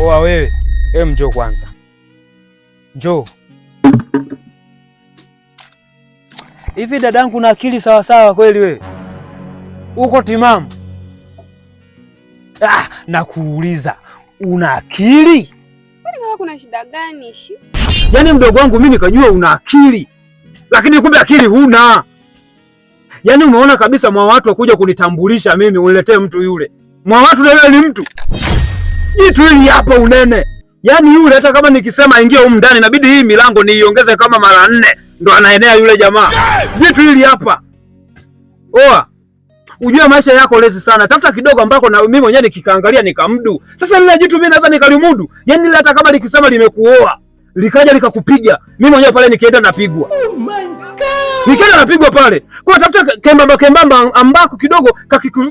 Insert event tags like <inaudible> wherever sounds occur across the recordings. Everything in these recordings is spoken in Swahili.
Poa wewe, e, njoo kwanza, njoo hivi. Dadangu na akili sawasawa kweli? Wewe uko timamu? Ah, nakuuliza una akili? Kuna shida gani? Yaani mdogo wangu mimi nikajua una akili, lakini kumbe akili huna. Yaani umeona kabisa mwa watu wakuja kunitambulisha mimi, uniletee mtu yule mwa watu, lele ni mtu Jitu hili hapa unene. Yaani yule hata kama nikisema ingia huko ndani inabidi hii milango niiongeze kama mara nne ndo anaenea yule jamaa. Jitu hili hapa. Oa. Ujue maisha yako lezi sana. Tafuta kidogo ambako na mimi mwenyewe nikikaangalia nikamdu. Sasa lile jitu mimi naweza nikalimudu. Yaani lile hata kama nikisema limekuoa, likaja likakupiga. Mimi mwenyewe pale nikienda napigwa. Oh my God. Nikienda napigwa pale. Kwa tafuta kembamba kembamba ambako kidogo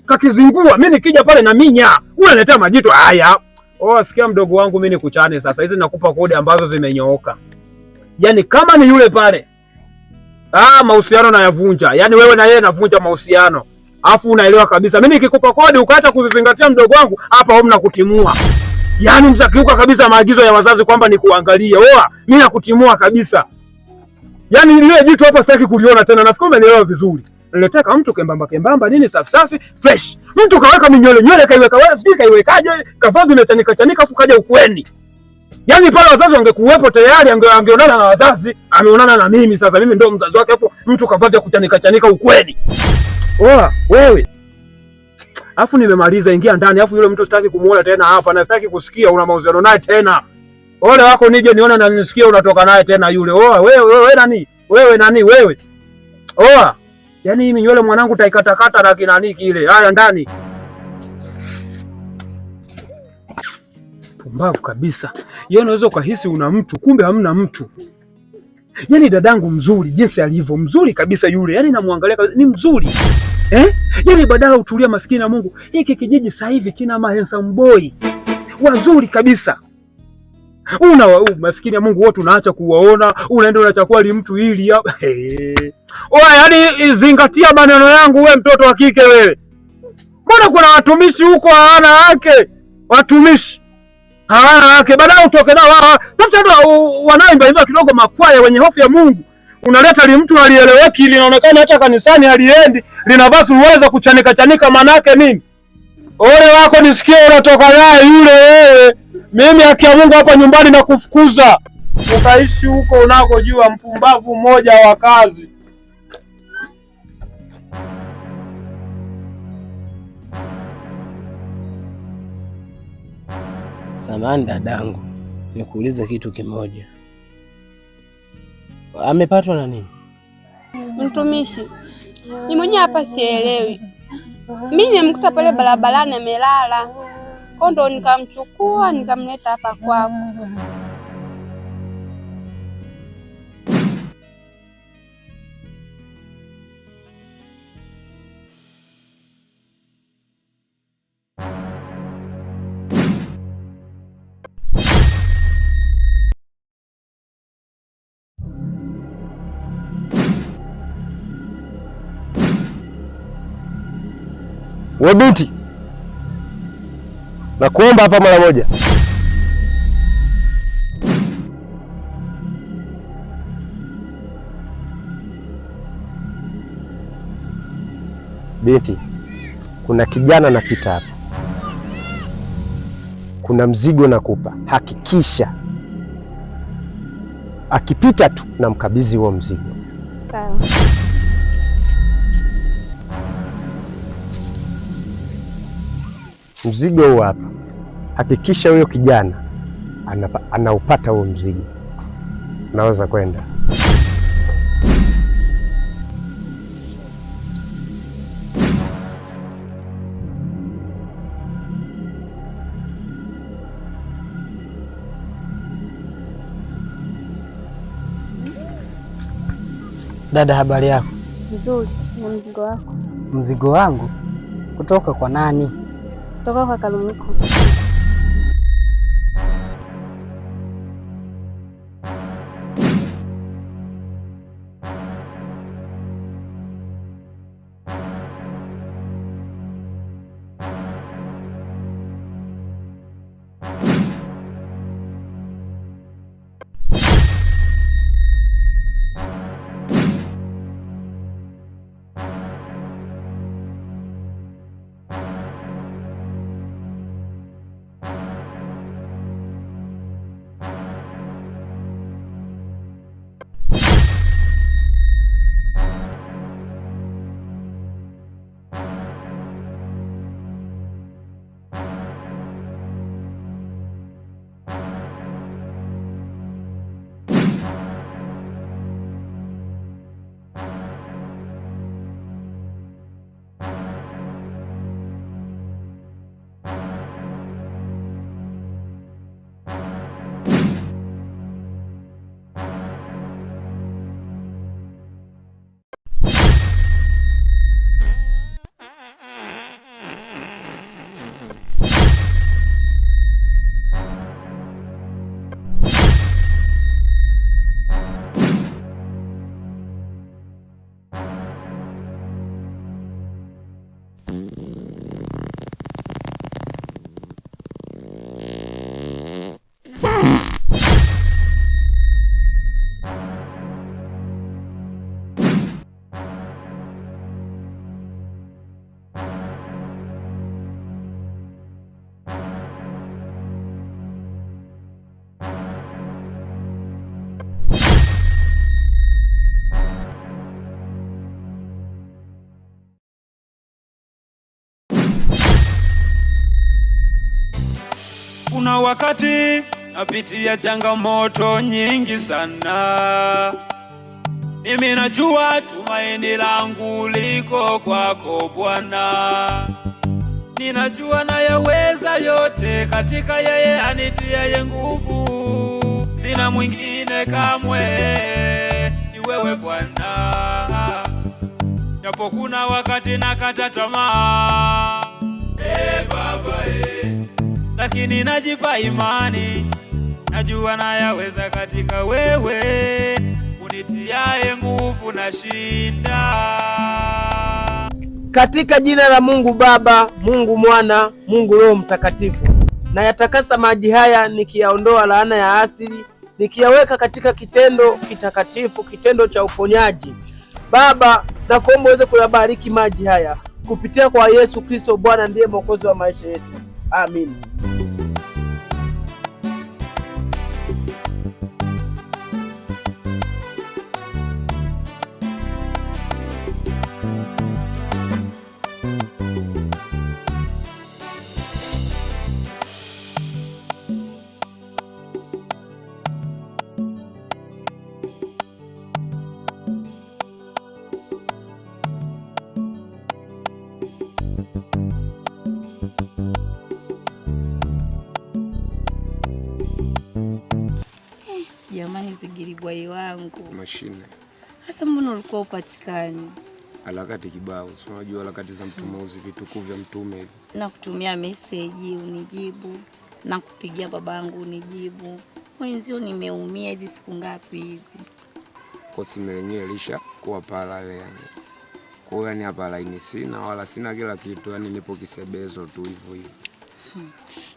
kakizingua. Mimi nikija pale na minya. Unaletea majitu haya. Oh, sikia mdogo wangu, mimi nikuchane sasa, hizi nakupa kodi ambazo zimenyooka. Yaani kama ni yule pale, ah, mahusiano nayavunja. Yaani wewe na yeye navunja mahusiano, afu unaelewa kabisa. Mimi nikikupa kodi ukaacha kuzizingatia, mdogo wangu, hapa home nakutimua. Yaani mtakiuka kabisa maagizo ya wazazi kwamba nikuangalie. Oa, mimi nakutimua kabisa. Yaani ile jitu hapa sitaki kuliona tena. Nafikiri umeelewa vizuri nataka mtu kembamba kembamba nini safi safi fresh. Mtu kaweka minyole nyole kaiweka wala sijui kaiwekaje, kavaa vimechanika chanika afu kaja ukweni. Yaani pale wazazi wangekuwepo tayari ange, angeonana na wazazi, ameonana na mimi sasa mimi ndio mzazi wake hapo mtu kavaa vya kuchanika chanika ukweni. Oa, wewe. Afu nimemaliza ingia ndani afu yule mtu sitaki kumuona tena hapa na sitaki kusikia una mahusiano naye tena. Ole wako nije niona na nisikie unatoka naye tena yule. Oa, wewe wewe nani? Wewe nani wewe? Oa. Yaani mimi nywele mwanangu taikatakata na kinani kile. Haya ndani. Pumbavu kabisa. Yeye yaani unaweza ukahisi una mtu, kumbe hamna mtu. Yaani dadangu mzuri jinsi alivyo, mzuri kabisa yule. Yaani namwangalia kabisa ni mzuri. Eh? Yaani badala utulia maskini na Mungu. Hiki kijiji sasa hivi kina mahensa handsome Wazuri kabisa una maskini ya Mungu watu unaacha kuwaona, unaenda unachakua li mtu ili ya <laughs> hey. yani zingatia maneno yangu, we mtoto wa kike wewe. Mbona kuna watumishi huko hawana wake, watumishi hawana wake, baadaye utoke nao hawa, tafuta wanaoimba imba kidogo, makwaya wenye hofu ya Mungu. Unaleta li mtu alieleweki, linaonekana hata kanisani aliendi, linavaa suruali za kuchanika chanika, manake nini? Ole wako nisikie, unatoka naye yule wewe mimi haki ya Mungu hapa nyumbani na kufukuza ukaishi huko unakojua, mpumbavu mmoja wa kazi. Samani dadangu, nikuulize kitu kimoja, amepatwa na nini? Mtumishi ni mwenyewe hapa, sielewi. Mimi nimemkuta pale barabarani amelala ko ndo nikamchukua nikamleta hapa kwako. Webuti na kuomba hapa mara moja. Binti, kuna kijana napita hapa, kuna mzigo nakupa. Hakikisha akipita tu na mkabizi huo mzigo. Sawa. mzigo huo hapa, hakikisha huyo kijana anaupata huo mzigo. Naweza kwenda Dada, habari yako? Nzuri. na mzigo wako? Mzigo wangu kutoka kwa nani? 我话给侬讲。wakati napitia changamoto nyingi sana, mimi najua tumaini langu liko kwako Bwana. Ninajua nayaweza yote katika yeye anitiaye nguvu. Sina mwingine kamwe, ni wewe Bwana, japo kuna wakati nakata tamaa. Hey, ee Baba, hey. Ee lakini najipa imani, najua nayaweza katika wewe unitiaye nguvu, nashinda katika jina la Mungu Baba, Mungu Mwana, Mungu Roho Mtakatifu. Na yatakasa maji haya nikiyaondoa laana ya asili, nikiyaweka katika kitendo kitakatifu, kitendo cha uponyaji. Baba, nakuomba uweze kuyabariki maji haya kupitia kwa Yesu Kristo Bwana, ndiye mwokozi wa maisha yetu. Amin. yangu. Mashine. Sasa mbona ulikuwa upatikani? Harakati kibao, si unajua harakati za mtumuzi, vitukuu vya mtume. Nakutumia meseji unijibu, nakupigia babangu unijibu. Mwenzio nimeumia hizi siku ngapi hizi? Kwa simu yenyewe lisha kuwa pala yani. Kwa hiyo ni hapa laini sina wala sina kila kitu, yani nipo kisebezo tu hivyo hivyo. Hmm.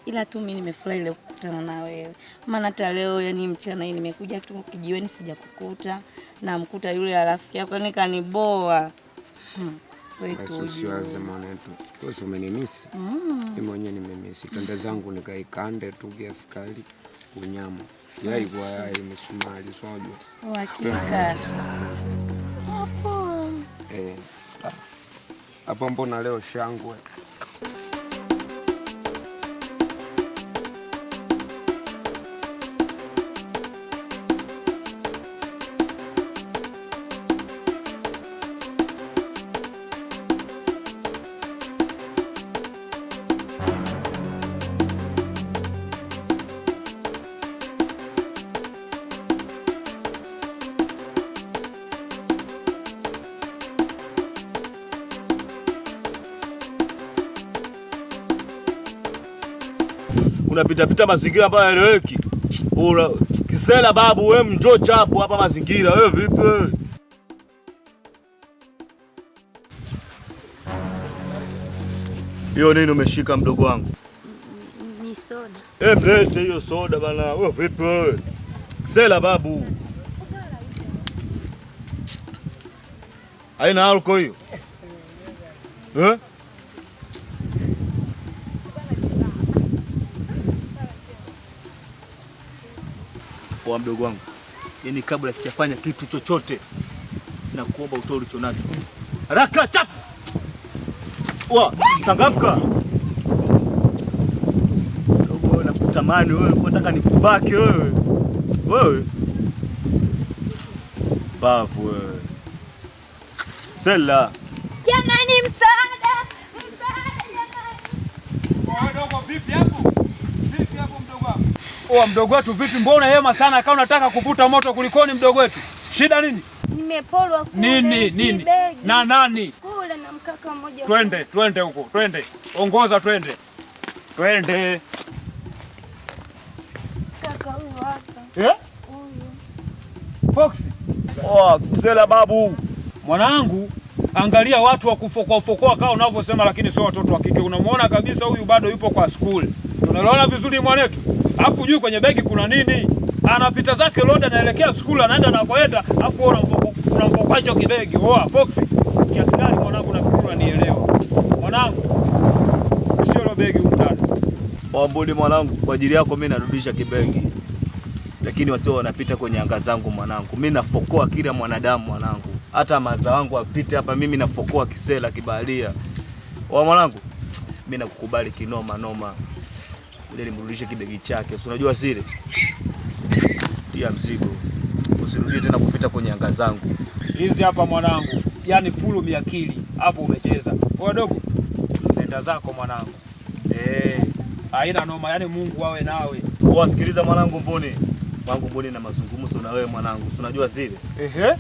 Ila tu mimi nimefurahi leo kukutana na wewe, maana hata leo yani mchana hii nimekuja tu kijiweni, sija kukuta na mkuta yule rafiki yako yani kaniboa. Hmm. Umenimisi hmm. mimi mwenyewe nimemisi, twende zangu nikaikande tu kiasi unyama yai kwa yai misumari swajwa hapo. Eh, mbona leo shangwe unapitapita mazingira ambayo yaeleweki. Kisela babu, we mjoo chapo hapa mazingira, we vipi? Hiyo nini umeshika mdogo wangu? Ni soda. Eh, mlete hiyo soda bana. We vipi wewe? Kisela babu. Haina alko hiyo. Eh? kwa mdogo wangu, yaani kabla sijafanya kitu chochote, na kuomba utoe ulicho nacho haraka chap. Wa changamka dogo, kutamani wewe, unataka nikubaki wewe. Wewe bavu wewe, sela jamani, msaada msaada jamani, Wewe vipi? wa mdogo wetu vipi? Mbona hema sana kama unataka kuvuta moto kulikoni mdogo wetu? Shida nini? Nimepolwa kule. Nini nini? Na nani? Kule na mkaka mmoja. Twende, twende huko. Twende. Ongoza twende. Twende. Kaka huyu hapa. Eh? Huyu. Fox. Oh, babu. Mwanangu, angalia watu wa kufokoa fokoa kama unavyosema, lakini sio watoto wa kike. Unamwona kabisa huyu bado yupo kwa skuli. Tunaliona vizuri mwanetu afu juu kwenye begi kuna nini? Anapita zake loda anaelekea school, anaenda na afu ona alafu wewe unampokoa hicho kibegi. Oa Fox, kiasi gani mwanangu nafikiri unanielewa. Mwanangu, sio ro begi huko ndani. Wambuli mwanangu, kwa ajili yako mimi narudisha kibegi. Lakini wasio wanapita kwenye anga zangu mwanangu. Mimi nafokoa kila mwanadamu mwanangu. Hata maza wangu apite hapa mimi nafokoa kisela kibalia. Wa mwanangu, mimi nakukubali kinoma noma, noma. Ngoja nimrudishe kibegi chake. Si unajua siri? Tia mzigo. Usirudie tena kupita kwenye anga zangu. Hizi hapa mwanangu. yani fulu miakili. Hapo umecheza. Wewe dogo. Nenda zako mwanangu. Eh. Haina noma, yani Mungu awe nawe. Wasikiliza mwanangu Mboni. Mwanangu mbone na mazungumzo na wewe mwanangu. Si unajua siri? Ehe.